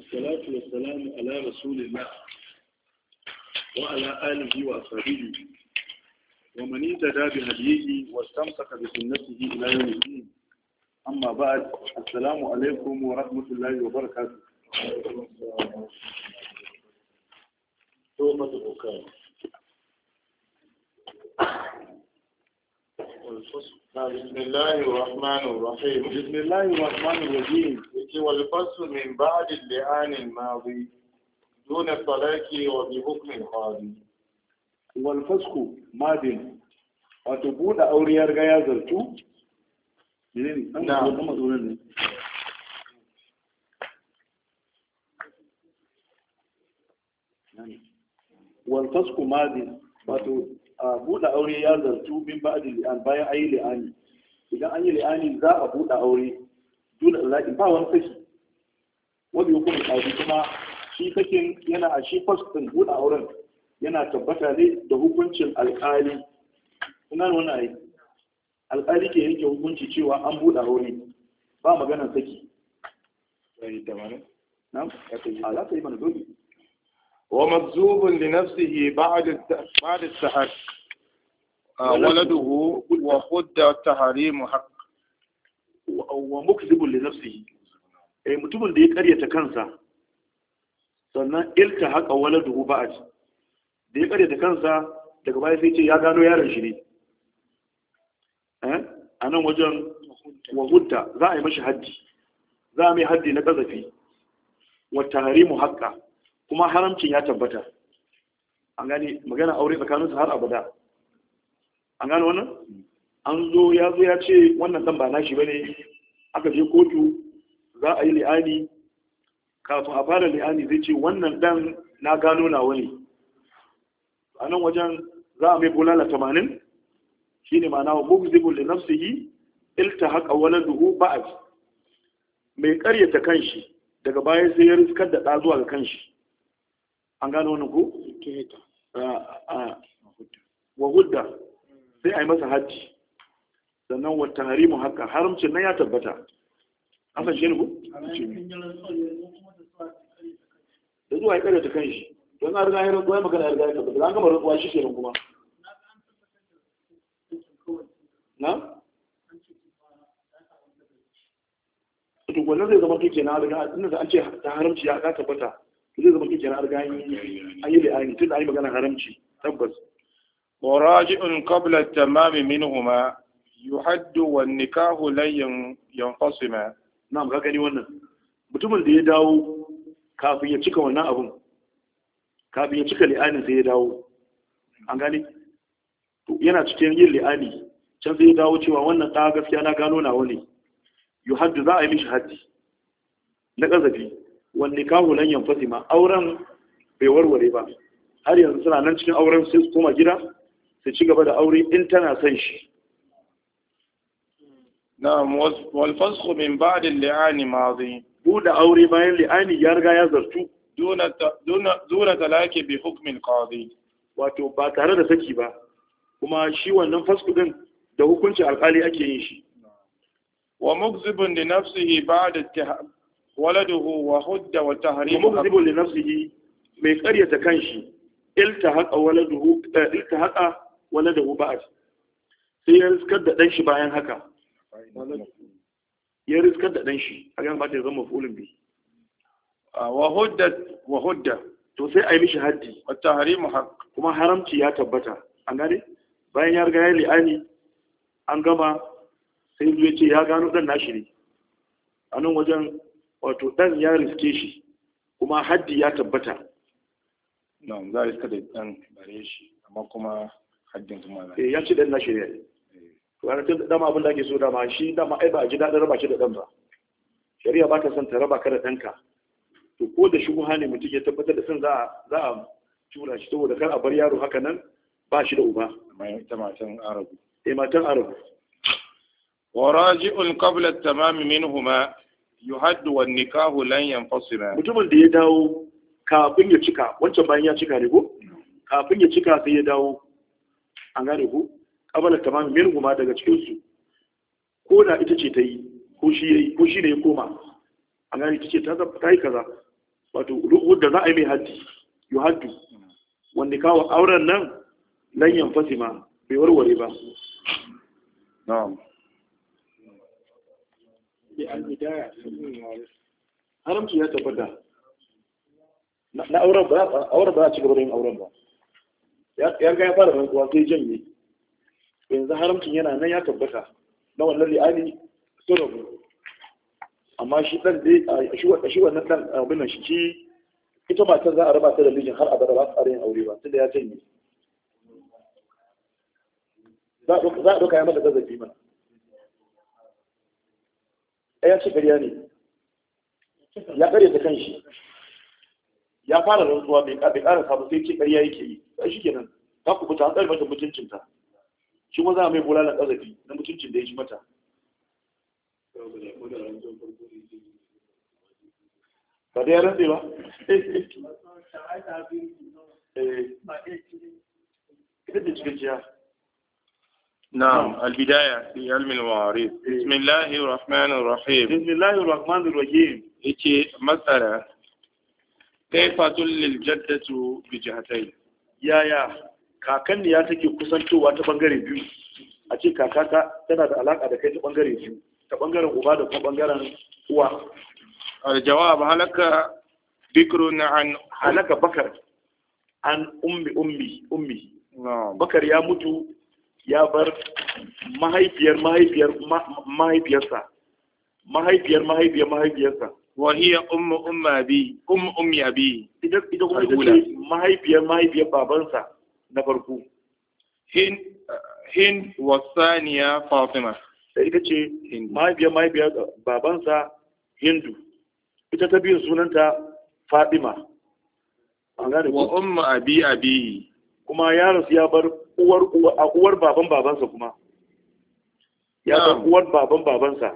الصلاة والسلام على رسول الله وعلى آله وصحبه ومن اهتدى بهديه واستمسك بسنته إلى يوم الدين أما بعد السلام عليكم ورحمة الله وبركاته توبة البكاء بسم الله الرحمن الرحيم بسم الله الرحمن الرحيم والفصل من بعد اللعان الماضي دون الطلاق وبحكم القاضي والفسق ماض وتبود أوريار غيا زرتو نعم والفسق نعم. ماض a buɗe aure ya zartu min da li'an bayan ayi li'ani idan an yi li'ani za a buɗe aure dole Allah ba wani kashi wani hukum aure kuma shi sakin yana a shi fasfin buɗe auren yana tabbata ne da hukuncin alƙali ina wani aiki alƙali ke yanke hukunci cewa an buɗe aure ba maganar saki. Na? Ala ta yi mana dole. ومجذوب لنفسه بعد بعد التحريم ولده وخد التحريم حق ومكذب لنفسه eh mutumin da ya karyata kansa sannan ilka haka waladuhu ba'ad da ya karyata kansa daga baya sai ce ya gano yaron shi ne a nan wajen wahudda za a yi mashi haddi za a mai haddi na ƙazafi. wa tahrimu haqqa kuma haramcin ya tabbata an gane magana aure tsakaninsu har abada an gane wannan an zo ya zo ya ce wannan dan ba nashi bane aka je kotu za a yi li'ani kafin a fara li'ani zai ce wannan dan na gano nawa ne a nan wajen za a mai bulala tamanin shi ne ma'ana wa mugzibun da yi ilta haƙa wani duhu ba'ad mai karyata kanshi daga baya sai ya riskar da ɗa zuwa ga kanshi an gano wani ku? Ah, ah. wa hudda sai a yi masa hajji sannan wata mu haka haramcin nan ya tabbata an san shi ku? da zuwa ya karyata kan shi don a riga ya rantsuwa magana ya riga ya tabbata an gama rantsuwa shi shirin kuma na? tukwallon zai zama tuke na riga inda an ce ta haramci ya tabbata zai zama kike har gani an yi da ayi tun da ayi magana haramci tabbas wa raji'un qabla at-tamam minhuma yuhaddu wan nikahu lan yanfasima Na maka gani wannan mutumin da ya dawo kafin ya cika wannan abun kafin ya cika li'anin sai ya dawo an gani. to yana cikin yin li'ani can sai ya dawo cewa wannan ɗaga gaskiya na gano nawa ne yuhaddu za a yi mishi haddi na ƙazafi wanne kawo nan yan ma auren bai warware ba har yanzu suna nan cikin auren sai su koma gida su ci gaba da aure in tana son shi na wal min ba da liani madi buɗe aure bayan li'ani ya riga ya zartu duna duna duna bi hukmin qadi wato ba tare da saki ba kuma shi wannan fasku din da hukuncin alkali ake yin shi wa mukzibun li nafsihi ba'da waladuhu wa hudda wa tahrimu muhzibun li nafsihi mai karyata kanshi iltahaqa waladuhu eh, iltahaqa waladuhu ba'd sai ya riskar da dan bayan haka ya riskar da dan a ga ba ta zama fulun bi ah, wa to sai a yi mishi haddi wa tahrimu kuma haramci ya tabbata an gane bayan ya riga ya li'ani an gama sai ya ce ya gano dan nashi ne a nan wajen wato dan ya riske shi kuma haddi ya tabbata nan za a riska da dan bare shi amma kuma haddin kuma eh, na ya ce dan na shirya ne wani tun dama abin da ake so dama shi dama ai ba a ji daɗin raba shi da ɗan ba shari'a ba ta son ta raba ka da ɗanka to ko da shi ne mutum ya tabbatar da san za a tura shi saboda kar a bar yaro haka nan ba shi da uba ita matan arabu eh matan arabu وراجع قبل التمام منهما yuhaddu wan nikahu lan yanfasila mutumin da ya dawo kafin ya cika wancan bayan ya cika ne ko kafin ya cika sai ya dawo an gane ko kabala tamam min guma daga cikin su ko da ita ce ta yi ko shi yayi ko shi ne ya koma an gane ita ce ta ta yi kaza wato ruhud da za a yi mai haddi yuhaddu wan nikahu auren nan lan yanfasima bai warware ba na'am al ya tabbata na auren ba auren ba a ci gaba da yin auren ba ya ga ya fara rantsuwa sai janye yanzu haramcin yana nan ya tabbata na wannan li'ani sun amma shi dan dai shi wannan dan abin shi ita matar za a raba ta da mijin har abada ba su yin aure ba tunda ya janye za a ɗauka ya mata gazafi mana Eh, ya ce ƙarya ne ya kare ta kan shi ya fara rantsuwa mai ƙara sabu sai ce ƙarya yake yi sai shi nan ta ta an mata mutuncinta shi ma za a mai na ƙazafi na mutuncin da ya ji mata ba da ya rantse ba eh. ita ce cikakciya نعم البداية في علم المعارف بسم الله الرحمن الرحيم بسم الله الرحمن الرحيم إيش مسألة كيف تل الجدة بجهتين يا يا kakan ya take kusantowa ta bangare biyu a ce kakaka tana da alaka da kai ta bangare biyu ta bangaren uba da kuma bangaren uwa aljawab halaka dhikrun an halaka bakar an ummi ummi bakar ya mutu ya bar mahaifiyar mahaifiyar mahaifiyarsa mahaifiyar mahaifiyar mahaifiyarsa wa hiya umma abi ummu ummi abi ita ita kuma ita mahaifiyar mahaifiyar babansa na farko hin hin wa saniya fatima da ita ce mahaifiyar mahaifiyar babansa hindu ita ta biyu sunanta fatima wa umma, abi abi kuma yaron su ya bar uwar uwar baban babansa kuma ya bar uwar baban babansa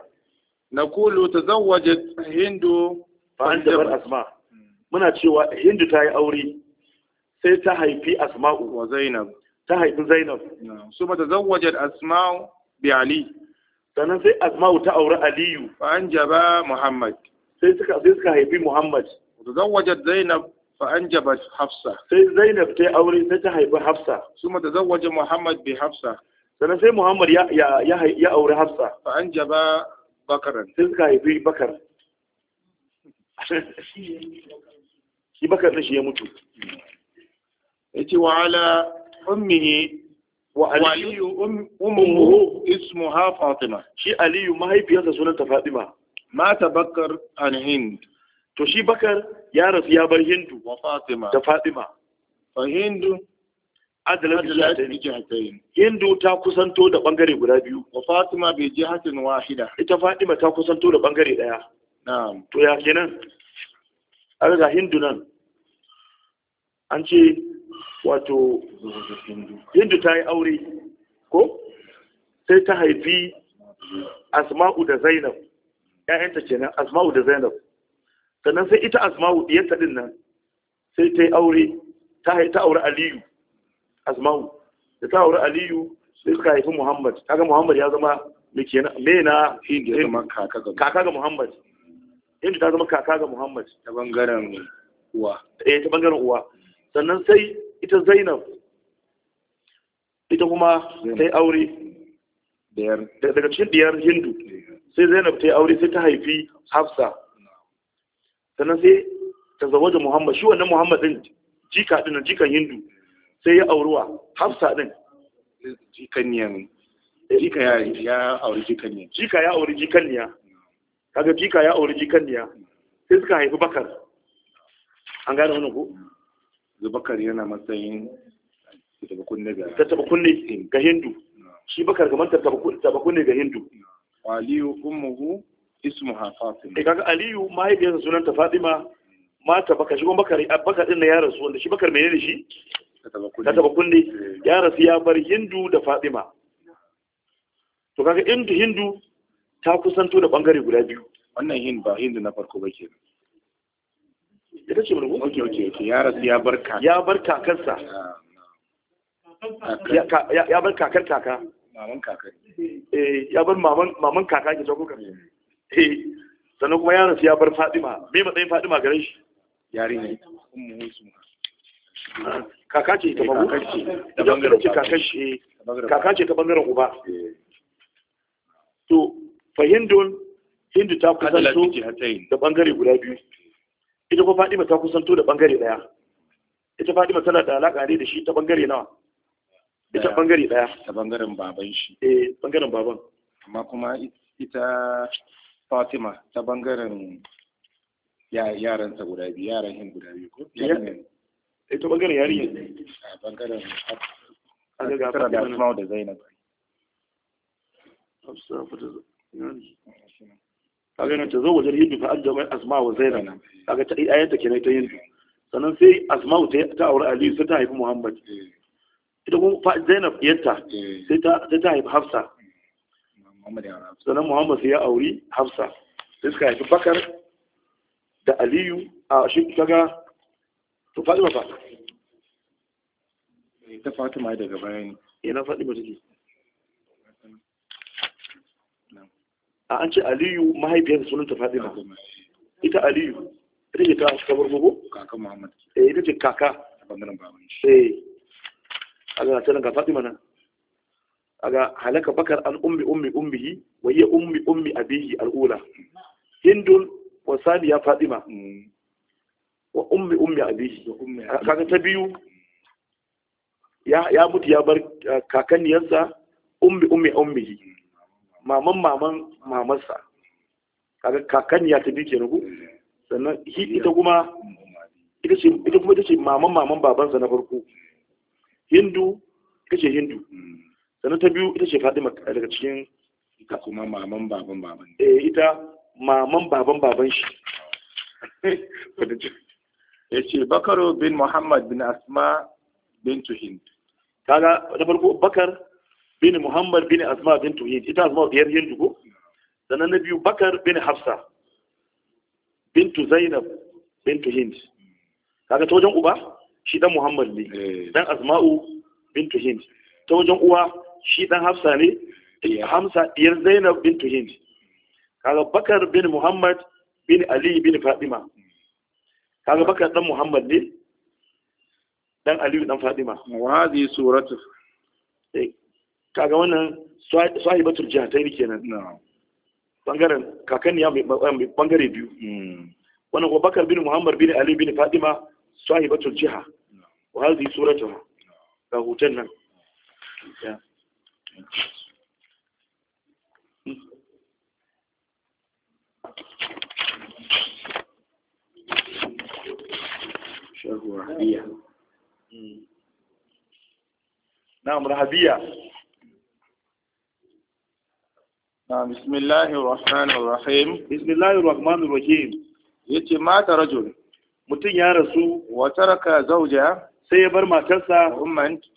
naqulu tazawwajat hindu fa anta asma muna cewa hindu ta yi aure sai ta haifi asma'u wa zainab ta haifi zainab su ma zawwajar asma'u bi ali sannan sai asma'u ta auri aliyu fa an jaba muhammad sai suka sai suka haifi muhammad ta zainab fa anjabat hafsa sai zainab ta aure sai ta haifi hafsa kuma da zawaje muhammad bi hafsa sannan sai muhammad ya ya ya aure hafsa fa jaba bakar. sai suka haifi bakar shi bakar shi ya mutu yace wa ala ummihi wa aliyu um, ummuhu ismuha fatima shi aliyu mahaifiyarsa sunanta fatima mata bakar an hind to shi bakar ya rasu ya bar hindu da fatima hindu hindu ta kusanto da bangare guda biyu wa fatima bai je hatin wahida ita fatima ta kusanto da bangare daya na'am to ya kenan a ga hindu nan an ce wato hindu ta yi aure ko sai ta haifi asma'u da zainab ƴaƴanta kenan asma'u da zainab sannan sai ita asma'u diyarta din nan sai ta yi aure ta ta aure aliyu asma'u da ta aure aliyu sai suka haifi muhammad kaga muhammad ya zama me na me na kaka ga muhammad inda ta zama kaka ga muhammad ta bangaren uwa eh ta bangaren uwa sannan sai ita zainab ita kuma ta yi aure daga cikin diyar hindu sai zainab ta yi aure sai ta haifi hafsa sannan sai ta zama da muhammad shi wannan muhammad din jika din jikan hindu sai ya auruwa hafsa din jikanniyan jika ya ya auri jikanniya jika ya auri jikanniya kaga jika ya auri jikanniya sai suka haifi bakar an gane wani ko bakar yana matsayin tattaba kunne ga hindu shi bakar kamar tattaba kunne ga hindu waliyu ummuhu ismuha fatima eh, kaga aliyu mahaifiyarsa sunanta fatima mata baka shi kuma baka din na ya rasu wanda shi bakar menene shi ta taba kunne eh. ya rasu ya bar hindu da fatima to kaga Hindu hindu ta kusanto da bangare guda biyu wannan hindu ba hindu na farko ba ke ita ce mulku oke oke oke ya rasu ya bar kakarsa ya bar kakarsa ya bar kakar kaka maman kaka eh ya bar maman maman kaka ke ta kuka eh. Eh, sannan kuma yaron ya bar Fadima. me matsayin fadima gare shi yare ne eh, kaka ce ta bangaren da bangaren kaka ta bangaren uba to fahindun hindu ta kusanto da bangare guda biyu ita kuma Fadima ta kusanto da bangare daya ita Fadima tana da alaka ne da shi ta bangare nawa ita bangare daya ta bangaren baban shi eh bangaren baban amma kuma ita Fatima ta bangaren yaran ta guda biyu yaran hin guda biyu ko ita eh, bangaren yarinya a bangaren Hafsa da Asma da Zainab Hafsa fata kaga nan ta zo wajen hindu ta ajjama Asma wa Zainab kaga ta eh, ayyanta kenan ta hindu sannan sai Asma ta aure Aliyu sai ta haifi Muhammad eh. ita kuma Zainab yanta sai ta haifi Hafsa ya sannan muhammad sai ya auri hafsa sai suka haifi bakar da aliyu a shi kaga to fatima fa eh, ta fatima daga bayani yana eh, ba take a an ce aliyu mahaifiyar sunan ta fatima ita aliyu ita ce ta kabar gogo kaka muhammad eh ita ce kaka a bangaren baban shi eh a ga ta ga fatima nan aga halaka bakar an ummi ummi ummihi wa ya ummi ummi abihi al-ula hindun wa saniya fatima wa ummi ummi abihi kaga ta biyu ya mutu ya bar kakanniyarsa ummi ummi ummihi maman maman mamarsa kaga kakanniya ta biyu kenan ku sannan ita kuma ita ce ita kuma ita ce maman maman babansa na farko hindu ita ce hindu sannan ta biyu ita ce Fatima daga cikin ita kuma maman baban baban eh ita maman baban baban shi ya ce Bakaro bin Muhammad bin Asma bin tuhin kaga da farko Bakar bin Muhammad bin Asma bin tuhin ita Asma biyar Hindu ko sannan na biyu Bakar bin Hafsa bintu Zainab bintu tuhin kaga ta wajen uba shi dan Muhammad ne dan eh. Asma'u bintu tuhin ta wajen uwa shi dan Hafsa ne eh, Hamza diyar Zainab bin Tuhin. kaga Bakar bin Muhammad bin Ali bin Fadima. kaga Bakar dan Muhammad ne dan Ali dan Fadima. wa hadhi suratu eh, kaga wannan sahibatul jihatayn kenan bangaren kakan ya mai bangare biyu hmm. wannan ko Bakar bin Muhammad bin Ali bin Fatima sahibatul jiha wa hadhi suratu ga hutan nan نعم رهبية نعم بسم الله الرحمن الرحيم بسم الله الرحمن الرحيم يتي مات رجل متين يا رسول وترك زوجها sai ya bar matarsa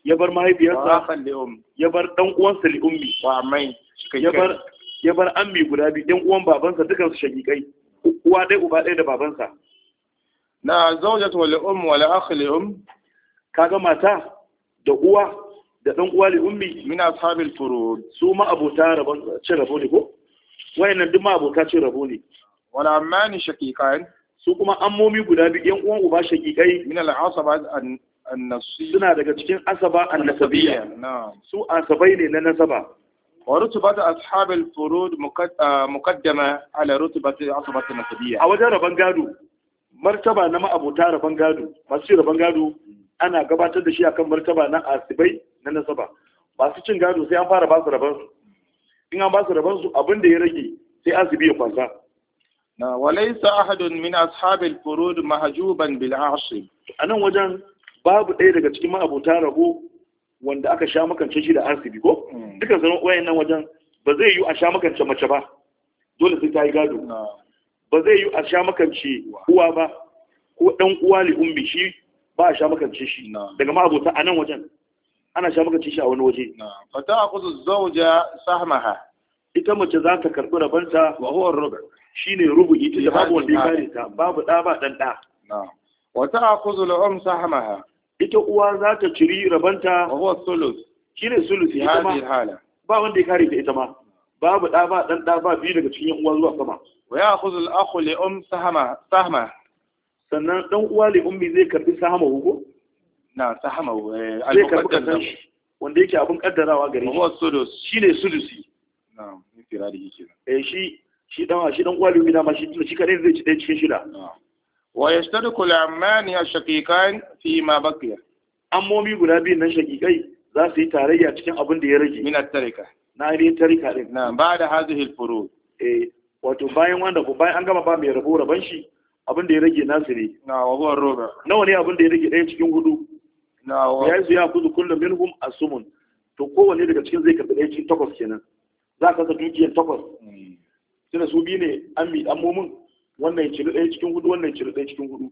ya bar mahaifiyarsa ya bar dan uwansa li ummi ya bar ya bar ammi guda biyu ɗan uwan babansa dukan su shagikai uwa ɗaya uba ɗaya da babansa na zaujat wal um wal akh li um kaga mata da uwa da dan uwa li ummi min ashabil furud su ma abota rabon rabo ne ko wayannan duk ma abota ce rabo ne wal ammani shaqiqan su kuma ammomi guda biyu ɗan uwan uba shagikai min al asaba suna daga cikin asaba nasabiyya. su asabai ne na nasaba wa rutubatu ashabil furud ah, muqaddama ala rutubati asabati nasabiyya a wajen raban gado martaba na ma'abota raban gado masu raban gado ana gabatar da shi akan martaba na asibai na nasaba masu cin gado sai an fara basu rabon su in an basu rabon su abin da ya rage sai asibi ya kwasa na walaysa ahadun min ashabil furud mahjuban bil asib anan wajen babu ɗaya daga cikin ma'abota rago wanda aka sha makance shi da arsibi ko hmm. duka zama wayan nan wajen ba zai yi a sha makance mace ba dole sai ta yi gado ba zai yi a sha makance uwa ba ko ɗan uwa li umbi shi ba a sha makance shi daga ma'abota a nan wajen ana sha makance shi a wani waje fata akuzu zauja sahmaha ita mace za ta karɓi rabanta wa huwa rubu ne rubu ita babu wanda ya kare ta babu ɗa ba ɗan ɗa wata akuzu la'um sahmaha ita uwa za ta ciri rabanta wa huwa sulus shine sulusi ita ma ba wanda ya kare ta ita ma babu da ba dan da ba biyu daga cikin uwa zuwa sama wa ya'khudhu al-akhu li um sahma sahma sannan dan uwa li ummi zai karbi sahma hugo na sahma al karbi wanda yake abun kaddarawa gare shi wa sulus shine sulusi na'am ni da yake eh shi shi dan shi dan uwa li ummi da ma shi shi kare zai ci dai cikin shida wa yashtariku al-amman ya shaqiqan fi ma baqiya ammomi guda biyu nan shaqiqai za su yi tarayya cikin abin da ya rage min at-tarika na ainihin tarika din na ba da hazihi al-furud eh wato bayan wanda ko bayan an gama ba mai rabo raban shi abin da ya rage nasu ne na wa roba nawa ne abin da ya rage ɗaya cikin hudu na wa ya zuya kuzu kullu minhum asumun to kowanne daga cikin zai karɓi ɗaya cikin takwas kenan za ka kasa dukiyar takwas hmm. tunda su biyu ne an mi ammomin wannan ya ciri ɗaya cikin hudu wannan ya ciri ɗaya cikin hudu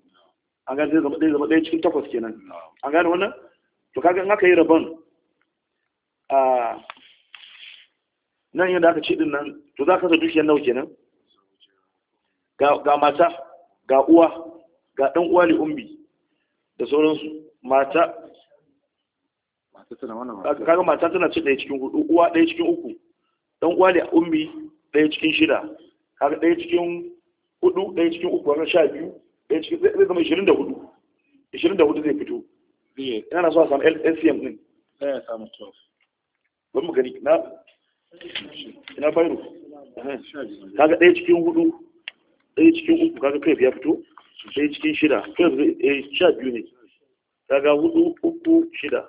a ga zai zama ɗaya zama ɗaya cikin takwas kenan a gane wannan to kaga in aka yi rabon a nan yadda aka ce din nan to za ka zaɗu dukiyar nawa kenan ga mata ga uwa ga ɗan uwa li umbi da sauransu mata kaga mata tana ce ɗaya cikin hudu uwa ɗaya cikin uku ɗan uwa li umbi ɗaya cikin shida kaga ɗaya cikin hudu ɗaya cikin uku wannan sha biyu ɗaya cikin zai zama ishirin da hudu ishirin da hudu zai fito ina na so a samu lcm ɗin za ya samu 12 bari mu gani na ina fairo kaga ɗaya cikin hudu ɗaya cikin uku kaga kai ya fito ɗaya cikin shida kai zai eh, sha biyu ne kaga hudu uku shida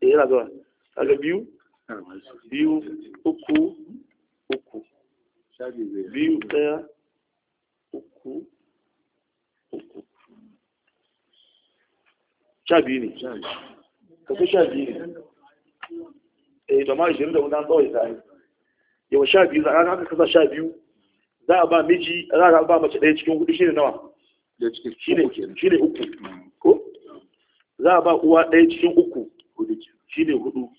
eh yana zuwa kaga biyu biyu uku uku biyu ɗaya uku uku sha biyu ne kasu sha biyu ne eh da ma 24 an tsawai ta yi yawa sha biyu za a kasa sha biyu za a ba miji za a ba mace ɗaya cikin hudu shine nawa shine uku ko za a ba uwa ɗaya cikin uku shine hudu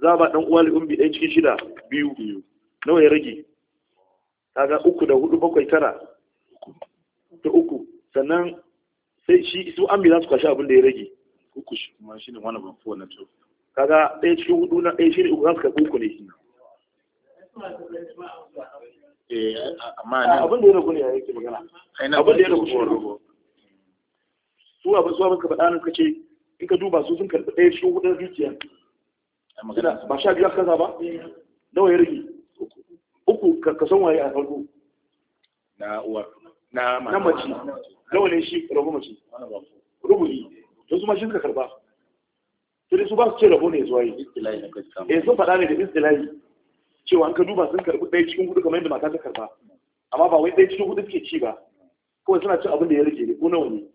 za a ba ɗan uwa li'umbi ɗaya cikin shida biyu nawa ya rage kaga uku da hudu bakwai tara ta uku sannan sai shi su ambi za su kwashi abin da ya rage uku shi kuma shi ne wani ban fi wannan tsofi kaga ɗaya cikin hudu na ɗaya shirin uku za su karɓi uku ne eh, amma ah, ne abin da ya ragu ne a yake magana abin da ya ragu shi ragu su abin su abin ka faɗa nan suka ce in ka duba su sun karɓi ɗaya cikin hudu na dukiya ba sha biyu kaza ba nawa ya rage uku ka san waye a farko na uwa. na mace nawa ne shi rabu mace rubuli to su ma shi suka karba Su dai su ba su ce rabo ne zuwa yi eh sun faɗa ne da istilahi cewa an ka duba sun karbi ɗaya cikin hudu kamar yadda mata ta karba amma ba wai ɗaya cikin hudu suke ci ba kawai suna cin abin da ya rage ne ko nawa ne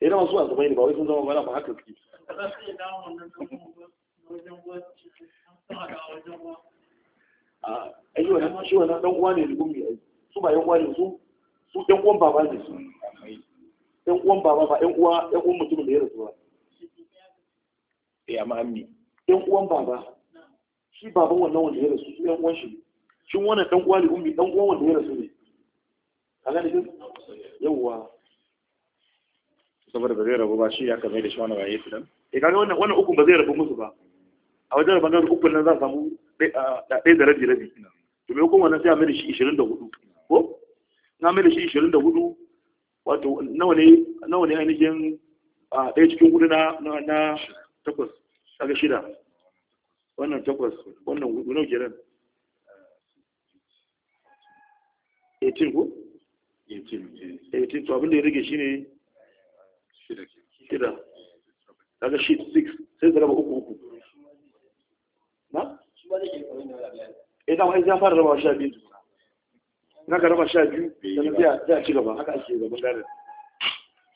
eh na masu azubai ne ba wai sun zama ba ba haka suke a ah, ayyuwa na shi wannan dan uwa ne da gumi aiki su ba yan uwa su su yan uwan baba ne su yan uwan baba ba yan uwa yan uwan mutumin da ya rasu ba eh amma ammi yan uwan baba shi baban wannan wanda ya rasu su yan uwan shi shin wannan ɗan uwa ne ummi ɗan uwan wanda ya rasu ne kaga ne yawwa saboda ba zai rabu ba shi ya kamar da shi wani waye su dan eh kaga wannan wannan uku ba zai rabu musu ba a wajen bangaren ukun nan za a samu ɗaya da rabi rabi to me ukun wannan sai a mai da shi 24 ko na mai da shi 24 wato nawa ne ainihin a ɗaya cikin hudu na takwas shida wannan takwas wannan hudu nau kenan 18 ko 18 eh. to abin da ya rage ne shida daga shi 6 sai zaraba uku uku na? eh ya fara raba sha biyu na ka raba sha biyu sannan sai a ci gaba haka ake gaban gadon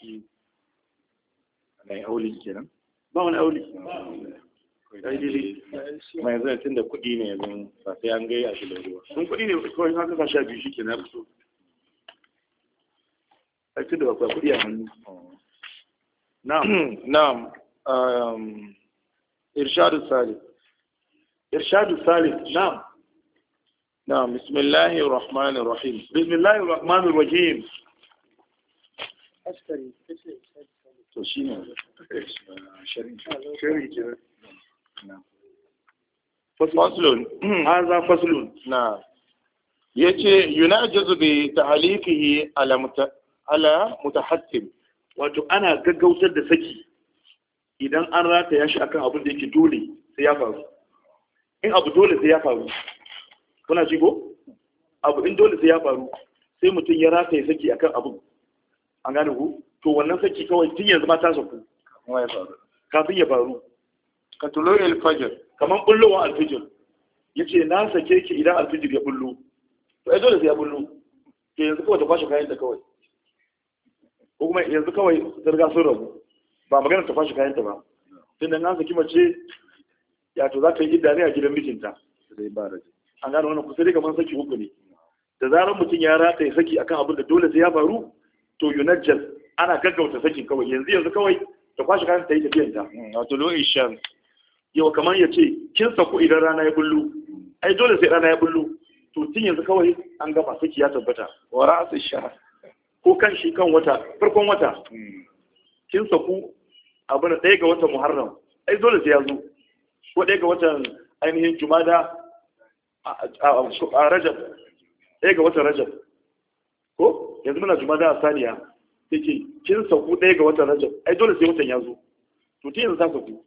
hmm. na yi aulin kenan ba wani auli daidai mai zai tun da kuɗi ne yanzu ba sai an gaya shi da ruwa sun kuɗi ne kawai haka ba sha biyu shi ke na fito a tun da bakwai kuɗi a hannu na'am na'am um, irshadu salif irshadu salif na'am نعم بسم الله الرحمن الرحيم بسم الله الرحمن الرحيم أشكري هذا فصل نعم يجي يناجز بتعليقه على مت... على متحتم wato ana gaggautar da saki idan an rataya shi أبو abin da yake dole sai ya kuna jigo abu in dole sai ya faru sai mutum ya rasa ya saki akan abu an gane ku to wannan saki kawai tun yanzu ma ta saku kafin ya faru ka tulo alfajir kaman bullowa alfajir yace na sake ki idan alfijir ya bullo to ai dole sai ya bullo to yanzu kawai ta kwashe kayan ta kawai ko kuma yanzu kawai riga sun rabu ba magana ta kwashe kayan ta ba tunda na saki mace ya to za ta yi idda ne a gidan mijinta sai ba raji an gane wannan kusa dai kamar saki uku ne da zarar mutum ya rata ya saki akan abin da dole sai ya faru to yunajjal ana gaggauta sakin kawai yanzu yanzu kawai ta kwashe kayan ta yi tafiyan ta hmm, wato lo ishan yau kamar ya ce kin sako idan rana ya bullu ai dole sai rana ya bullu to tun yanzu kawai an gama saki ya tabbata wa ra'asu sha ko kan shi kan wata farkon wata hmm. kin saku abin ɗaya ga watan muharram ai dole sai ya zo ko ɗaya ga watan ainihin jumada a rajab ɗaya ga watan rajab ko yanzu muna juma'a, da saniya yake kin sauku ɗaya ga watan rajab ai dole sai watan ya zo to tun yanzu ta sauku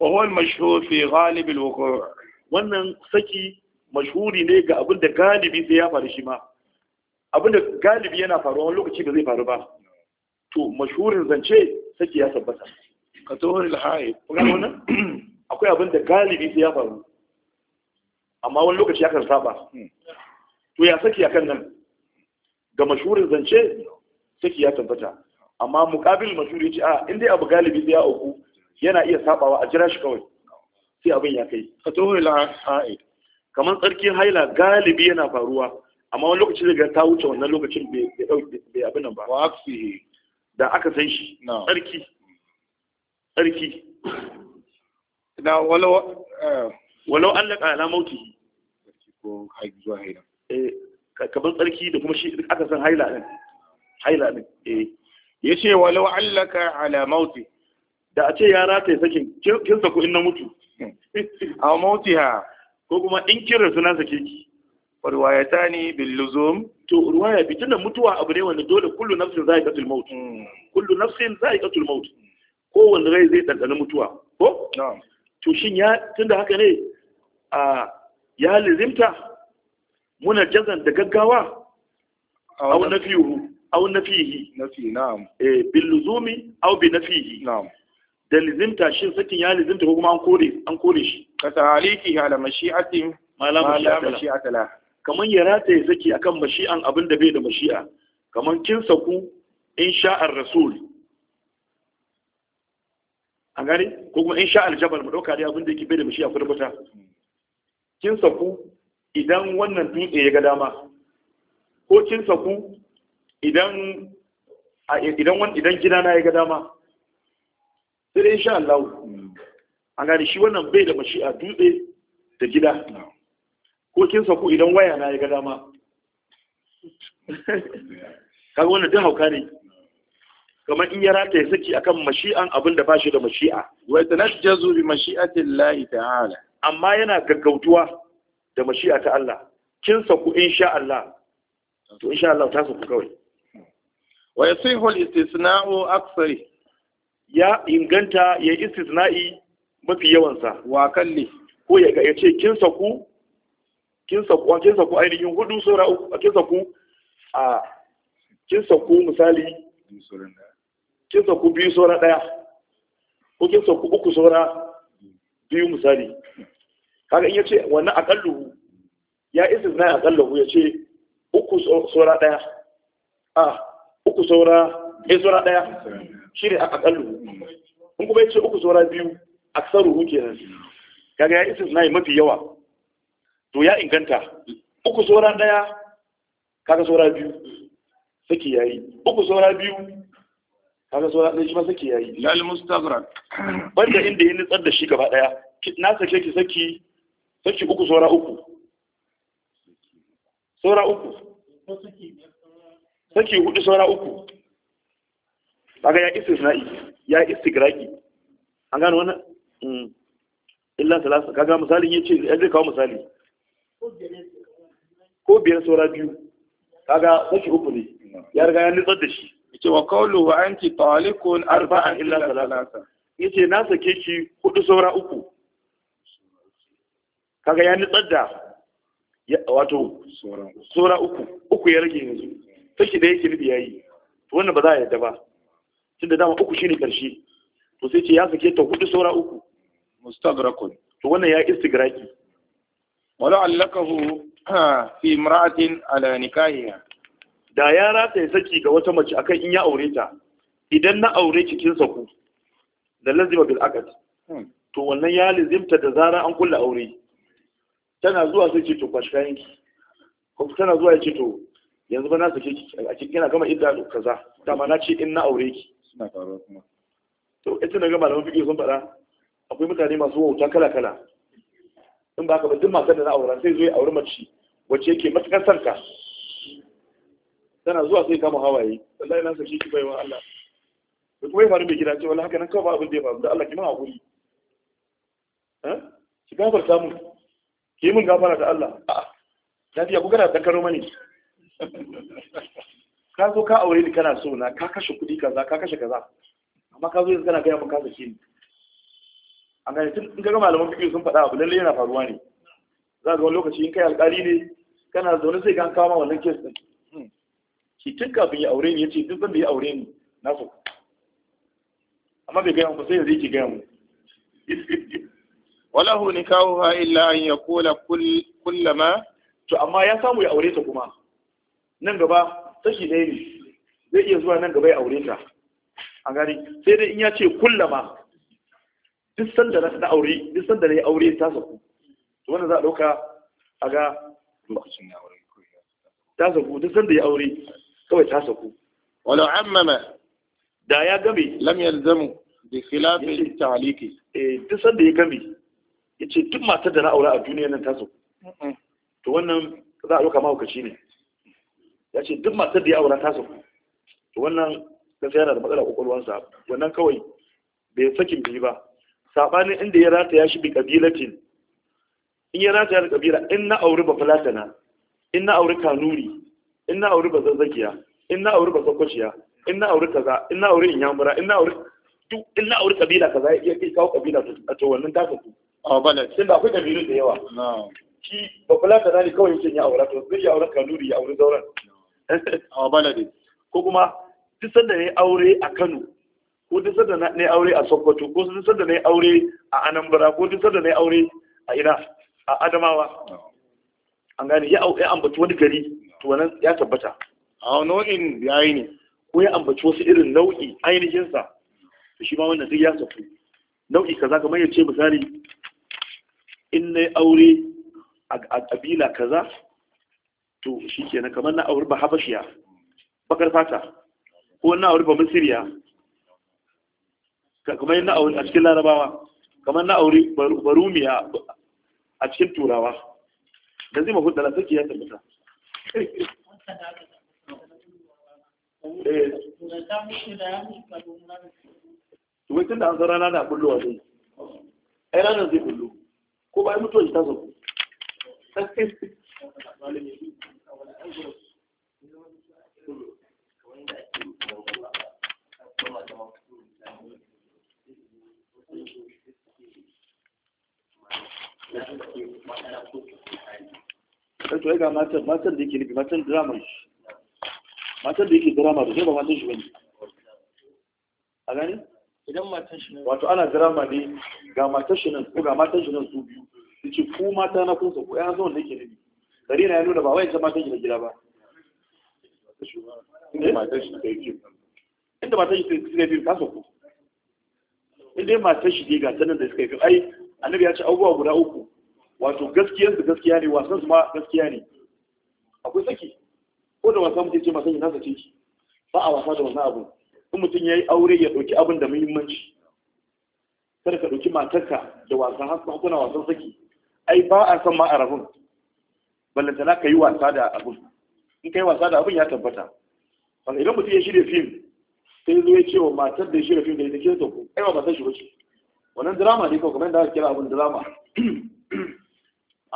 wa huwa mashhur fi ghalib al wannan saki mashhuri ne ga abin da galibi sai ya faru shi ma abin da galibi yana faruwa wani lokaci ba zai faru ba to mashhurin zance saki ya tabbata ka tsohon al-hayy akwai abin da galibi sai ya faru amma wani lokaci akan saba to ya saki akan nan ga mashhurin zance saki ya tabbata amma muqabil mashhur ce a in dai abu galibi zai auku yana iya sabawa a jira shi kawai sai abin ya kai fatuhu ila kamar tsarkin haila galibi yana faruwa amma wani lokaci daga ta wuce wannan lokacin bai abin nan ba wa da aka san shi tsarki tsarki na walau eh. walau an ala mautihi ko zuwa haila eh tsarki da kuma shi aka san haila din haila din eh yace walau allaka ala mauti da a ce ya rataye sakin kin sako in na mutu a mauti ha. ko kuma in kin suna na sake ki ruwayata ne bil luzum to ruwaya bi tunda mutuwa abu ne wanda dole kullu nafsin za'iqatul maut mm. kullu nafsin za'iqatul maut ko wanda rai zai dandana mutuwa ko to shin ya tunda haka ne a ya lizimta muna jazan da gaggawa aw nafihu aw nafihi nafi na'am eh bil luzumi aw bi nafihi na'am da lizimta shin sakin ya lizimta ko kuma an kore an kore shi ka ta'aliki ala mashi'atin malama la kaman ya rataye saki akan mashi'an abin da bai da mashi'a kaman kin saku in sha'ar rasul an gane ko kuma in sha'ar jabal mu dauka dai abin da yake bai da mashi'a ku rubuta kin saku idan wannan dutse ya ga dama ko kin saku idan idan idan ya ga dama sai dai insha Allah an gani shi wannan bai da mashi'a dutse da gida ko kin saku idan waya na ya ga dama kaga wannan duk hauka ne kamar in ya rata ya saki akan mashi'an abin da ba shi da mashi'a wa tanajjazu bi mashi'ati Allah ta'ala amma yana gaggautuwa da mashi'a ta Allah kin saku insha Allah to insha Allah ta saku kawai wa yasihu al-istisna'u aksari ya inganta ya istisna'i mafi yawansa wa kalli ko ya ga yace kin saku kin saku kin saku ainihin hudu sura uku kin saku a kin saku misali kin saku biyu sura daya ko kin saku uku sura biyu misali kaga in ya ce wannan akalluhu ya isi na akalluhu ya ce uku saura ɗaya a uku saura ɗaya eh, saura ɗaya shi ne akalluhu. in kuma ya ce uku saura biyu aksaruhu kenan kaga ya isi na mafi yawa to ya inganta uku saura ɗaya kaga saura biyu saki ya yi. uku saura biyu kaga saura ɗaya shi ma saki yi. lal mustagrak banda inda ya nitsar da shi gaba ɗaya na sake ki saki saki uku saura uku saura uku saki hudu saura uku kaga ya sinai, ya giraki. an gano wani mm. illan salasa kaga ya ce ya zai kawo misali ko biyar saura biyu kaga saki uku ne ya riga ya nitsar da shi ce wa kawo wa anti talikun arba'an illa salasa ce na sake ki hudu saura uku kaga ya nutsar da wato sora uku uku ya rage yanzu sashi da yake rubi yayi to wannan ba za a yadda ba tun da dama uku ne karshe to sai ce ya sake ta hudu sora uku mustagrakun to wannan ya istigraki wala allakahu fi imra'atin ala nikahiha da ya rata ya saki ga wata mace akan in ya aure ta idan na aure cikin saku da lazima bil aqd hmm. to wannan ya lazimta da zara an kulla aure tana zuwa sai ce to kwashi kayan ki tana zuwa ya ce to yanzu ba na sake ki a cikin yana gama idda kaza dama na ce in na aure ki suna faruwa kuma to ita na gama da mafi sun faɗa akwai mutane masu wauta kala kala in ba ka ba duk matan da na aura sai zo ya aure mace wacce yake matakan sanka. ka tana zuwa sai kama hawaye wallahi na sake ki baiwa Allah da kuma ya faru mai gida ce wallahi haka nan kawai ba abin da ya faru da Allah ki mun hakuri eh ki gafarta mu ke min gafara da Allah lafiya ku gana dakaro mani ka zo ka aure ni kana so na ka kashe kuɗi kaza ka kashe kaza amma ka zo yanzu kana gaya mun ka sake ni an gane tun in ga malaman fiƙi sun faɗa abu lallai yana faruwa ne za ga wani lokaci in kai alƙali ne kana zaune zai gan kama wannan kes din hmm. shi tun kafin ya aure ni ya ce duk zan da ya aure ni na so amma bai gaya mu sai yanzu yake gaya mu walahu nikahuha illa an yaqula kullama to amma ya samu ya aure ta kuma nan gaba saki ɗaya ne zai iya zuwa nan gaba ya aure ta a gani sai dai in ya ce kullama duk sanda na na aure duk sanda na ya aure ta saku to wannan za a ɗauka a ga lokacin ya aure ta saku duk sanda ya aure kawai ta saku wala ammama da ya gabe lam yalzamu bi khilafi ta'liqi eh duk sanda ya gami. ya ce duk matar da na aura a duniya nan taso to wannan za a ɗauka mahaukaci ne ya ce duk matar da ya aura taso to wannan gaskiya yana da matsala kwakwalwansa wannan kawai bai sakin biyu ba saɓanin inda ya rataya shi bi ƙabilatin in ya rataya da ƙabila in na auri ba falatana in na auri kanuri in na auri ba zazzakiya in na auri ba sakwaciya in na auri kaza in na auri inyamura in na auri duk in na aure ƙabila kaza ya kawo ƙabila a to wannan ta su a da tunda akwai kabilu da yawa Ki ba kula da nani kawai yake ya aura to zai ya aura kanuri ya aure sauran a balad ko kuma duk sanda yayi aure a Kano ko duk sanda na yi aure a Sokoto ko duk sanda na yi aure a Anambra ko duk sanda na yi aure a ina a Adamawa an gane ya ambaci wani gari to wannan ya tabbata a nau'in yayi ne ko ya ambaci wasu irin nau'i ainihinsa to shi ma wannan duk ya tafi nau'i kaza kamar ya ce misali in na aure a ƙabila kaza to shi ke na kamar na aure ba habashiya bakar fata ko na aure ba misiriya kamar na aure a cikin larabawa kamar na aure ba rumiya a cikin turawa da zai mafi dala saki ya tabbata eh. wai tun da an san rana na wa zai ai ranar zai kullu ko ba mutuwar ta zo ga matan da yake nufi matan drama shi matan da yake drama da ba matan shi bane a gani idan matan shi wato ana drama ne ga matar nan ko ga matar shi nan su biyu yace ku mata na kunsa ko ya zo wanda yake nabi kare na ya nuna ba wai ta matan shi gida ba inda matar shi ta yi inda matar shi ta ta sako inda shi ga sanin da suka yi ai annabi ya ce abubuwa guda uku wato gaskiyar da gaskiya ne wasan su ma gaskiya ne akwai saki ko da wasan mutum ce masan yi nasa ce ba a wasa da wani abu in mutum ya yi aure ya ɗauki abin da muhimmanci kada ka ɗauki matarka da wasan hasu kuna wasan saki ai ba a san ma a rahun ballantana ka yi wasa da abun in ka yi wasa da abun ya tabbata wanda idan mutum ya shirya fim sai zo ya ce wa matar da ya shirya fim da ita ke ku ai ba matar shi ba ce wannan drama ne ko kamar da aka kira abun drama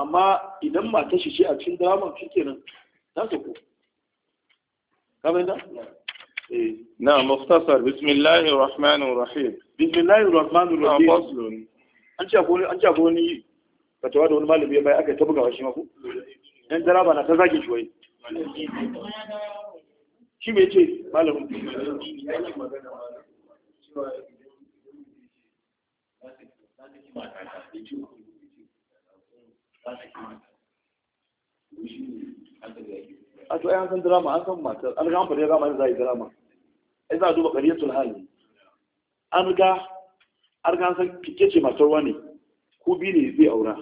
amma idan matar shi ce a cikin drama shi kenan ta ku ka bayyana إيه. نعم مختصر بسم الله الرحمن الرحيم بسم الله الرحمن نعم، الرحيم نعم فصل أن شافوني أن شافوني فتوادوا المال بيما تبقى وشي مفو أنت رابع أنا تزاكي شوي شو بيتي مالهم أتوقع أنت دراما أنت ما تر أنا قام بدي دراما إذا دراما ai za a duba ƙaryatul hali an ga an ga san kike ce matar wani ku bi ne zai aura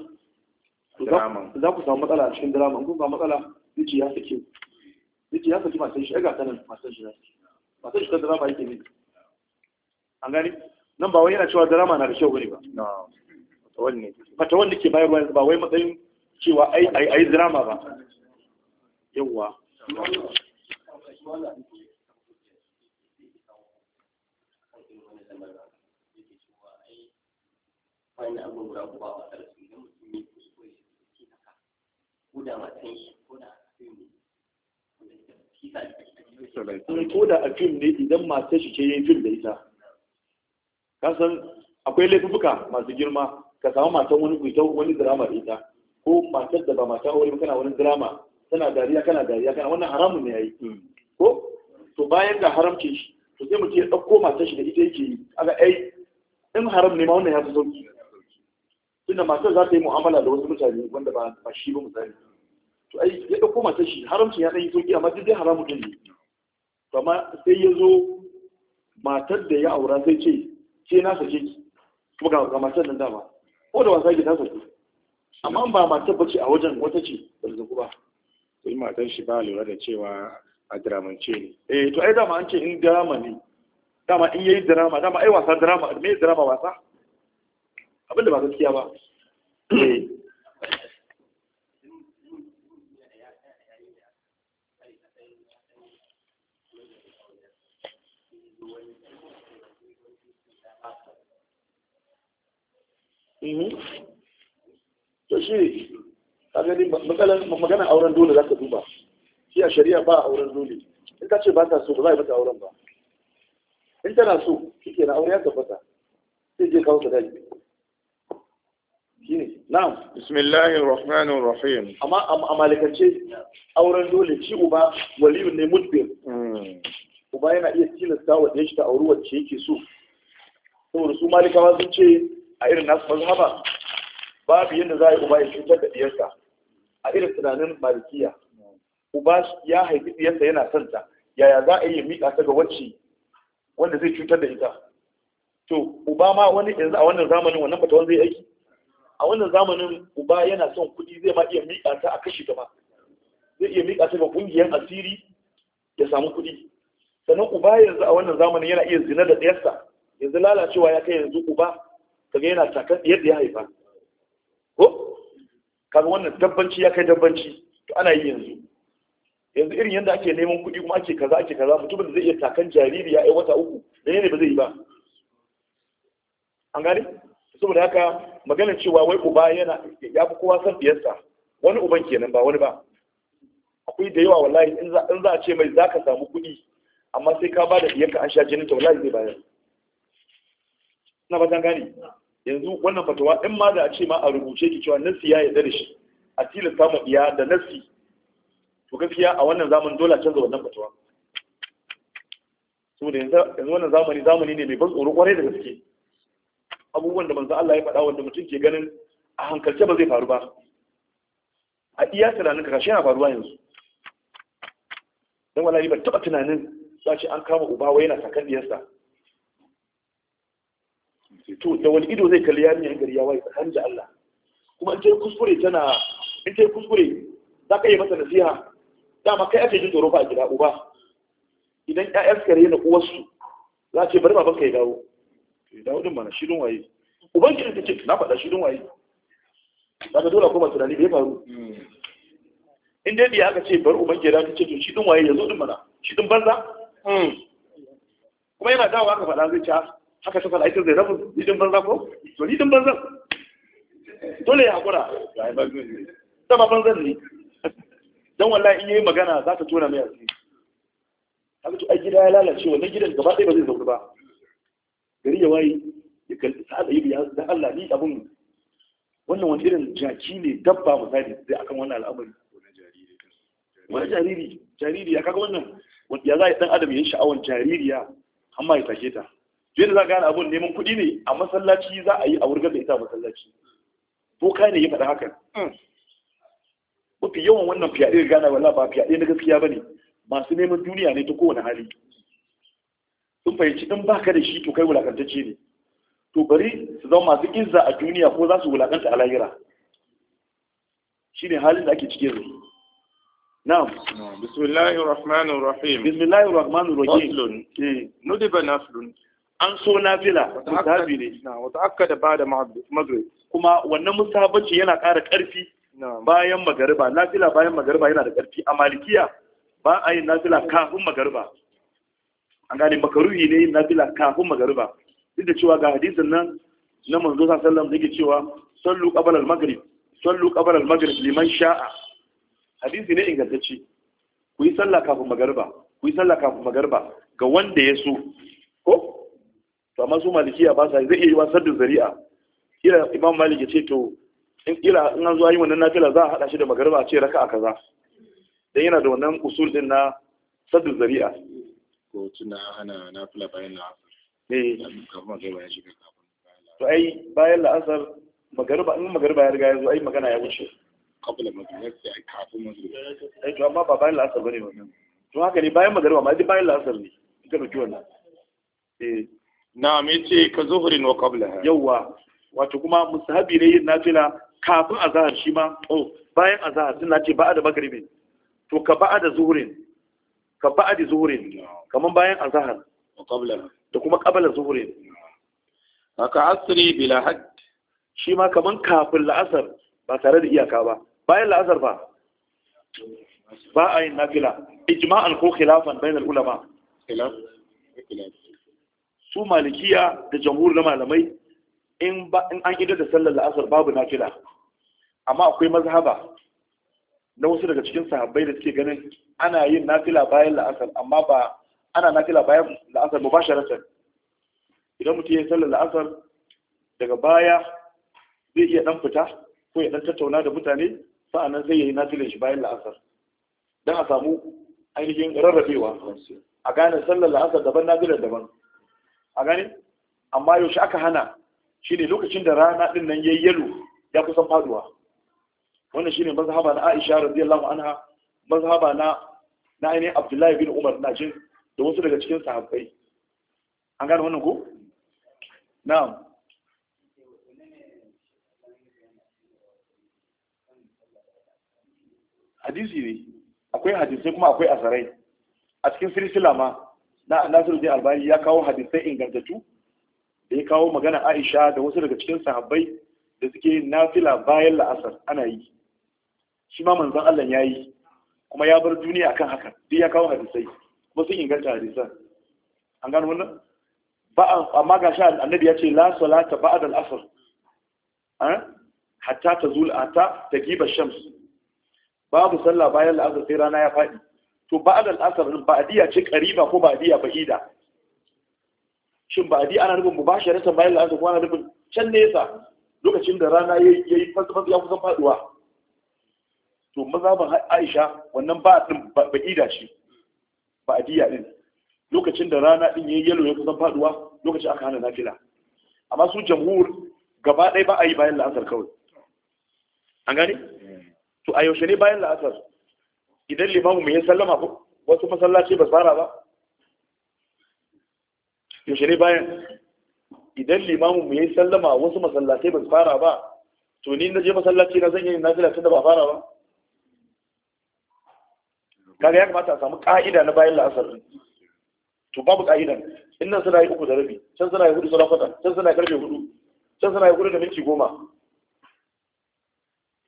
za ku samu matsala a cikin drama kun samu matsala yace ya sake ku yace ya sake matar shi ai ga kanan matar shi matar shi ta drama yake ne an gani nan ba wai yana cewa drama na da kyau gari ba fata wanda ke bayarwa ba wai matsayin cewa ai ai drama ba yawwa wani abin guda ba wasa da su idan mutum ya kuskure shi haka ko da matan shi ko da fim ne ko da a fim ne idan matan shi ce yin fim da ita ka san akwai laifuka masu girma ka samu matan wani kuita wani drama da ita ko matar da ba matan aure kana wani drama tana dariya kana dariya kana wannan haramun ne yayi hmm. ko to bayan ga haramcin shi to sai mutum ya dauko matar shi da ita yake yi aga ai in haram ne ma wannan ya fi sauki tunda matar za ta yi mu'amala da wasu mutane wanda ba shi ba misali to ai ya ɗauko matar shi haramcin ya ɗan yi amma dai haramun ɗin ne to amma sai ya zo matar da ya aura sai ce ce na sake ki kuma ga matar nan dama ko da wasa ki ta sake amma ba matar ba ce a wajen wata ce da zuku ba sai matar shi ba lura da cewa a dramance ne eh to ai dama an ce in drama ne dama in yayi drama dama ai wasa drama me drama wasa abin da ba gaskiya ba mhm. to shi ka gani magana auren dole za ka duba shi a shari'a ba auren dole in ka ce ba ta so ba za a yi mata auren ba in tana so shi ke na aure ya tabbata sai je kawo sadaki na'am bismillahir rahmanir rahim amma a malikance auren dole ci uba waliyun ne mudbir hmm. uba yana iya tilasta wa dai shi ta auri wacce yake so saboda su malikawa sun ce a irin nasu mazhaba babu yadda za a yi uba ya cutar da diyarsa. a irin tunanin malikiya uba ya haifi diyarsa yana son ta yaya za a yi miƙa ta ga wacce wanda zai cutar da ita to uba ma wani yanzu a wannan zamanin wannan fata wanda zai aiki a wannan zamanin uba yana son kuɗi zai ma iya miƙa ta a kashi gaba zai iya miƙa ta ga ƙungiyar asiri ya samu kuɗi sannan uba yanzu a wannan zamanin yana iya zina da ɗayarsa yanzu lalacewa ya kai yanzu uba kaga yana takan yadda ya haifa ko kaga wannan dabbanci ya kai dabbanci to ana yi yanzu yanzu irin yadda ake neman kuɗi kuma ake kaza ake kaza mutumin da zai iya takan jariri ya wata uku da ne ba zai yi ba an gane saboda haka maganar cewa wai uba yana ya fi kowa san diyarsa wani uban kenan ba wani ba akwai da yawa wallahi in za a ce mai za ka samu kuɗi amma sai ka ba da diyarka an sha jinin ta wallahi zai bayar na ba gane yanzu wannan fatawa in ma da a ce ma a rubuce ki cewa nasi ya yarda da shi a tilin samun iya da nasi to gaskiya a wannan zamanin dole a canza wannan fatawa saboda yanzu wannan zamani zamani ne mai ban tsoro kwarai da gaske abubuwan da manzo Allah ya faɗa wanda mutum ke ganin a hankalce ba zai faru ba a iya tunanin ka shi yana faruwa yanzu dan wallahi ba taba tunanin za ce an kama uba wai yana sakan diyarsa to da wani ido zai kalli yarinya gari ya waye tsakanin da Allah kuma in kai kuskure tana in kai kuskure za ka yi masa nasiha dama kai ake jin tsoro ba a gida uba idan ƴaƴan suka na uwarsu za ce bari ka ya dawo Eh, dawo din mana shi don waye uban ta ce na faɗa shi don waye daga dole kuma tunani bai faru hmm. in dai biya aka ce bar uban ki ta ce to shi don waye yazo din mana shi din banza hmm. kuma yana dawo aka faɗa zai ce ah, haka ta faɗa zai rabu ni din banza ko to ni din banza dole ya hakura dama banzan ne dan wallahi in yayi magana za ta tona mai asiri haka to ai gida ya lalace wannan gidan gaba ɗaya ba zai zaune ba gari ya waye ya kalli sada yi ya da Allah ni abun wannan wani irin jaki ne dabba misali sai akan wannan al'amari wani jariri jariri ya kaga wannan ya za a yi dan adam ya yi sha'awar jaririya amma ya sake ta je da za gane abun neman kuɗi ne a masallaci za a yi a wurgar da ita a masallaci kai ne ya faɗa hakan mafi yawan wannan fiyaɗe gane wala ba fiyaɗe na gaskiya ba ne masu neman duniya ne ta kowane hali sun fahimci in baka da shi to kai wulakantacce ne to bari su zama masu izza a duniya ko za su wulakanta a lahira shine halin da ake cike yanzu na'am bismillahir rahmanir rahim bismillahir rahmanir rahim eh. nudiba naflun an so nafila musabi ne wata akkada ba da magrib kuma wannan musabaci yana ƙara ƙarfi bayan magariba nafila bayan magariba yana da ƙarfi a malikiya ba a yin nafila kafin magariba an gane makaruhi ne na nafila kafin magariba duk da cewa ga hadisin nan na manzo sallallahu alaihi wasallam yake cewa sallu qabla al-maghrib sallu qabla al-maghrib liman sha'a hadisi ne ingantacce ku yi sallah kafin magariba ku yi sallah kafin magariba ga wanda ya so ko to amma su malikiya ba sa zai iya yi wa saddu zari'a kira imam malik ya ce to in kira in an zo yi wannan nafila za a hada shi da magariba a ce raka'a kaza dan yana da wannan usul din na saddu zari'a ko tuna hana na nafila bayan la'asar eh kafin magariba ya shiga kafin to ai bayan la'asar magariba in magariba ya riga ya zo ai magana ya wuce kabla magariba sai ai kafin magariba ai eh, to amma ba bayan la'asar bane wannan to haka ne bayan magariba ma dai bayan la'asar ne ka dauki wannan eh. na me ce ka zuhurin wa qabla yawa wato kuma musahabi ne yin nafila kafin azhar shi ma oh bayan azhar din nace ba'a da magribin to ka ba'a da zuhurin ka ba'adi zuhurin kaman bayan zahar, da kuma qabla zuhurin haka asiri bila hadd shi ma kaman kafin la'asar ba tare da iyaka ba bayan la'asar ba ba a yin nafila ijma'an ko khilafan bayan ulama su malikiya da jamhur na malamai in an idar da sallar la'asar babu nafila amma akwai mazhaba na wasu daga cikin sahabbai da suke ganin ana yin nafila bayan la'asar amma ba ana nafila bayan la'asar ba rasar idan mutum ya sallar la'asar daga baya zai iya dan fita ko ya dan tattauna da mutane sa'annan zai yi nafilin shi bayan la'asar don a samu ainihin rarrabewa a gane sallar la'asar daban nafilar daban a gane amma yaushe aka hana shine lokacin da rana din nan yayi yalo ya kusan faduwa wannan shine mazhaba na Aisha radiyallahu anha mazhaba na na ainihin Abdullahi bin Umar na jin da wasu daga cikin sahabbai an gane wannan ko na'am hadisi ne akwai hadisi kuma akwai asarai a cikin silsila ma na Nasiruddin Albani ya kawo hadisai ingantattu da ya kawo magana Aisha da wasu daga cikin sahabbai da suke nafila bayan la'asar ana yi shi ma manzan Allah ya yi kuma ya bar duniya akan haka duk ya kawo hadisai kuma sun inganta hadisan an gano wannan ba amma ga shi annabi ya ce la salata ba'ad al-asr eh? hatta tazul ata giba shams babu sallah bayan al-asr sai rana ya fadi to ba'ad al-asr ba'diya ce kariba ko ba'diya ba'ida shin ba'di ana rubun mubasharatan bayan al-asr ko ana rubun can nesa lokacin da rana yayi fasfas ya kusan faduwa to ban Aisha wannan ba din ba'ida shi adiya din lokacin da rana din yayi yalo ya kusan faduwa lokacin aka hana nafila amma su jamhur gaba ɗaya ba a yi bayan la'asar kawai an gane to a yaushe ne bayan la'asar idan limamu mai ya sallama ko wasu masallaci ba fara ba yaushe ne bayan idan limamu mai sallama wasu masallatai ba fara ba to ni na je masallaci na zan yi nafila tun da ba fara ba kaga ya kamata a samu ka'ida na bayan la'asar to babu ka'ida in nan suna yi uku da rabi can suna yi hudu suna kwata can suna yi karfe hudu can suna yi hudu da minti goma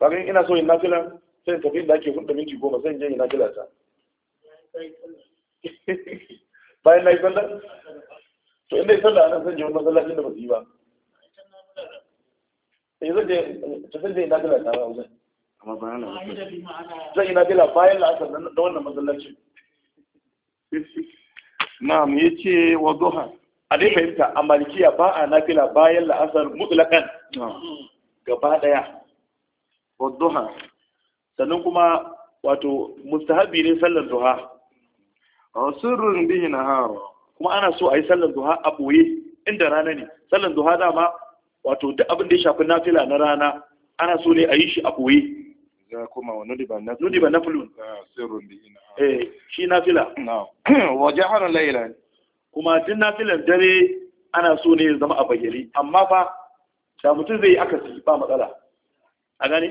kaga ina so yin nafila sai in tafi inda ake hudu da minti goma sai in je yin nafila ta bayan na yi sallar to inda yi sallar nan san je wani masallacin da ba su yi ba sai eh, zan je ta zan je nafila ta wajen zan yi nafila bayan la'asar da wannan masallacin na'am ya ce wa duha a dai fahimta a malikiya ba a nafila bayan la'asar mutlakan gaba daya wa zuha sannan kuma wato mustahabi ne sallar duha a sirrin bihi haro. kuma ana so a yi sallar duha a boye inda rana ne sallar duha dama wato duk abin da ya shafi nafila na rana ana so ne a yi shi a boye ya koma wa nudiba na nudiba na fulun ah, sirrun bi ina eh shi nafila wa jahara layla kuma din nafilan dare ana so ne zama a bayyane amma fa da mutum zai yi akasi ba matsala a gani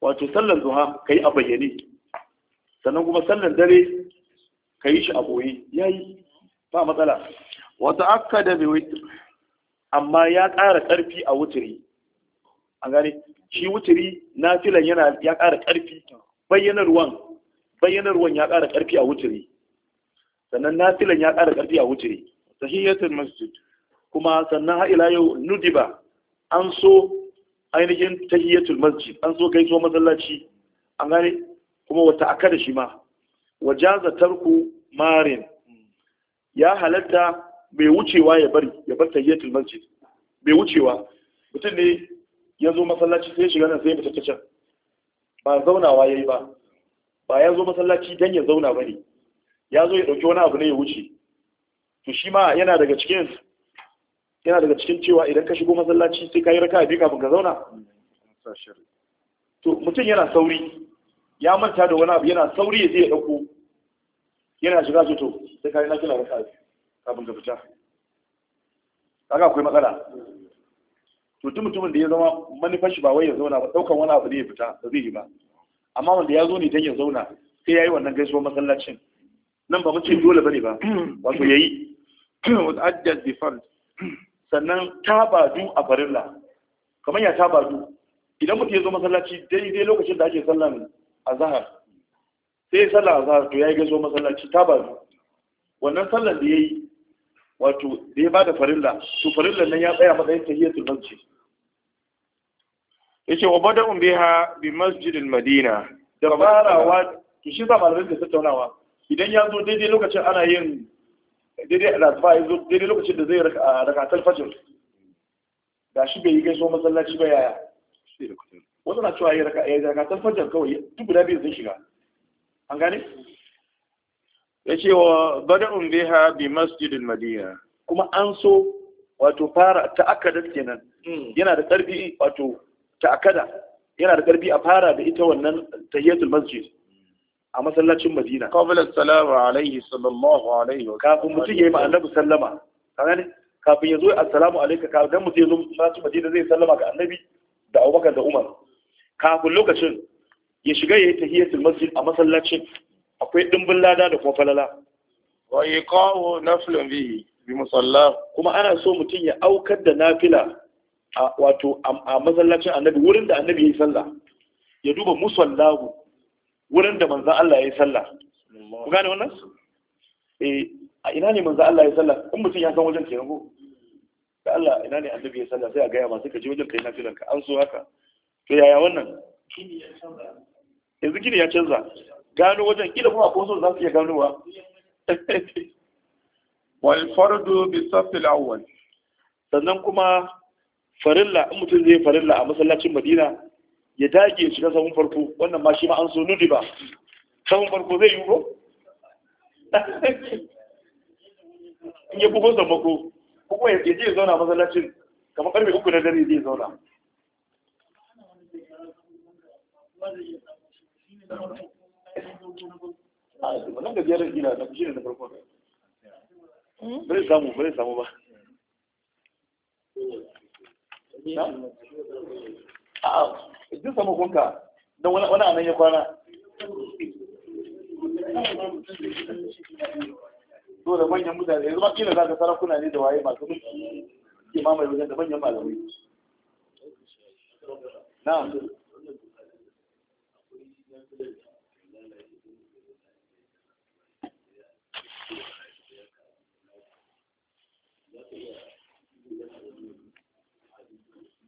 wato sallan zuha kai a bayyane sannan kuma sallan dare kai shi a boye yayi ba matsala wata akkada bi amma ya ƙara ƙarfi a wuturi a gane shi wuturi filan yana ya ƙara ƙarfi bayyanarwan bayyanarwan ya ƙara ƙarfi a wuturi sannan na filan ya ƙara ƙarfi a wuturi sahihatul masjid kuma sannan har ila yau nudiba an so ainihin tahiyatul masjid an so kai so masallaci an gane kuma wata aka da shi ma wajaza tarku marin ya halatta bai wucewa ya bari ya bar tahiyatul masjid bai wucewa mutum ne ya zo masallaci sai shiga nan sai ya fita can ba zaunawa yayi ba ba ya zo masallaci dan ya zauna bane ya zo ya dauki wani abu ne ya wuce to shi ma yana daga cikin yana daga cikin cewa idan ka shigo masallaci sai ka yi raka'a biyu kafin ka zauna to mutum yana sauri ya manta da wani abu yana sauri ya je ya dauko yana shiga to sai ka yi na kina raka'a kafin ka fita kaga akwai matsala to tun mutumin da ya zama manufar shi ba wai ya zauna ba daukan wani abu ne ya fita ba zai yi ba amma wanda ya zo ne dan ya zauna sai yayi wannan gaisuwar masallacin nan ba mace dole bane ba wato yayi with adjust the fund sannan tabadu a farilla kamar ya tabadu idan mutum ya zo masallaci daidai lokacin da ake sallan azhar sai sallar azhar to yayi gaisuwar masallaci tabadu wannan sallar da yayi wato da ya bada farilla to farilla nan ya tsaya matsayin tahiyatul masjid yace wa bada'un biha bi masjidil madina da farawa to shi za malamin da tattaunawa idan ya zo daidai lokacin ana yin daidai alasuba ya zo daidai lokacin da zai rakatar fajr ga shi bai yi gaiso masallaci ba yaya wasu na cewa ya rakatar fajr kawai duk guda biyu zai shiga an gane ya ce wa bada'un biha bi masjidin madina kuma an so wato fara ta'akada kenan hmm. yana da ƙarfi wato ta'akada yana da ƙarfi a fara da ita wannan tahiyatul masjid a masallacin madina qabla salamu alaihi sallallahu alaihi wa kafin mutum ya yi ma annabi sallama ka kafin ya zo assalamu alayka ka dan mutum ya zo masallacin madina zai sallama ga annabi da abubakar da umar kafin lokacin ya shiga ya yi tahiyatul masjid a masallacin akwai dimbin lada da kuma falala wa iqa'u naflun bihi bi musalla kuma ana so mutum ya aukar da nafila a wato a masallacin annabi wurin da annabi yi sallah ya duba musallahu wurin da manzon Allah yi sallah ku gane wannan eh a ina ne manzon Allah yi sallah Kun mutum ya san wajen ke ko da Allah ina ne annabi yi sallah sai a gaya masu kaji wajen kai nafilan ka an so haka to yaya wannan yanzu gini ya canza gano wajen kila kuma akwai wasu za su iya ganowa wal fardu bi safil awwal sannan kuma farilla in mutum zai farilla a masallacin Madina ya dage shiga sabon farko wannan ma shi ma an so nudi ba sabon farko zai yi ko in ya bugo sammako kuma ya je zauna masallacin kamar karfe uku na dare zai zauna wannan gajeren gida na shi ne na farko hmm? bare samu bare samu ba a duk samu kunka don wani anan ya kwana so da manyan mutane yanzu ma kila za ka sarakuna ne da waye masu ke mamaye wajen da manyan malamai na'am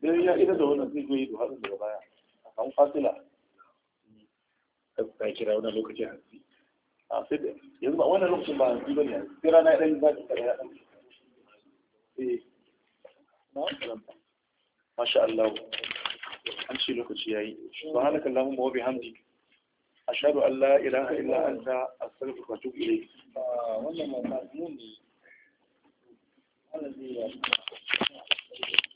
dan ya ita da wannan zai yi duha daga baya a samu fasila ka kira wannan lokacin hanzi a sai da yanzu ba wannan lokacin ba hanzi bane yanzu sai rana ɗan za ta ya ɗan eh masha Allah an ce lokaci ya yayi subhanaka allahumma wa bihamdika ashhadu an la ilaha illa anta astaghfiruka wa atubu ilayk ah, wannan ma mazmun ne wannan zai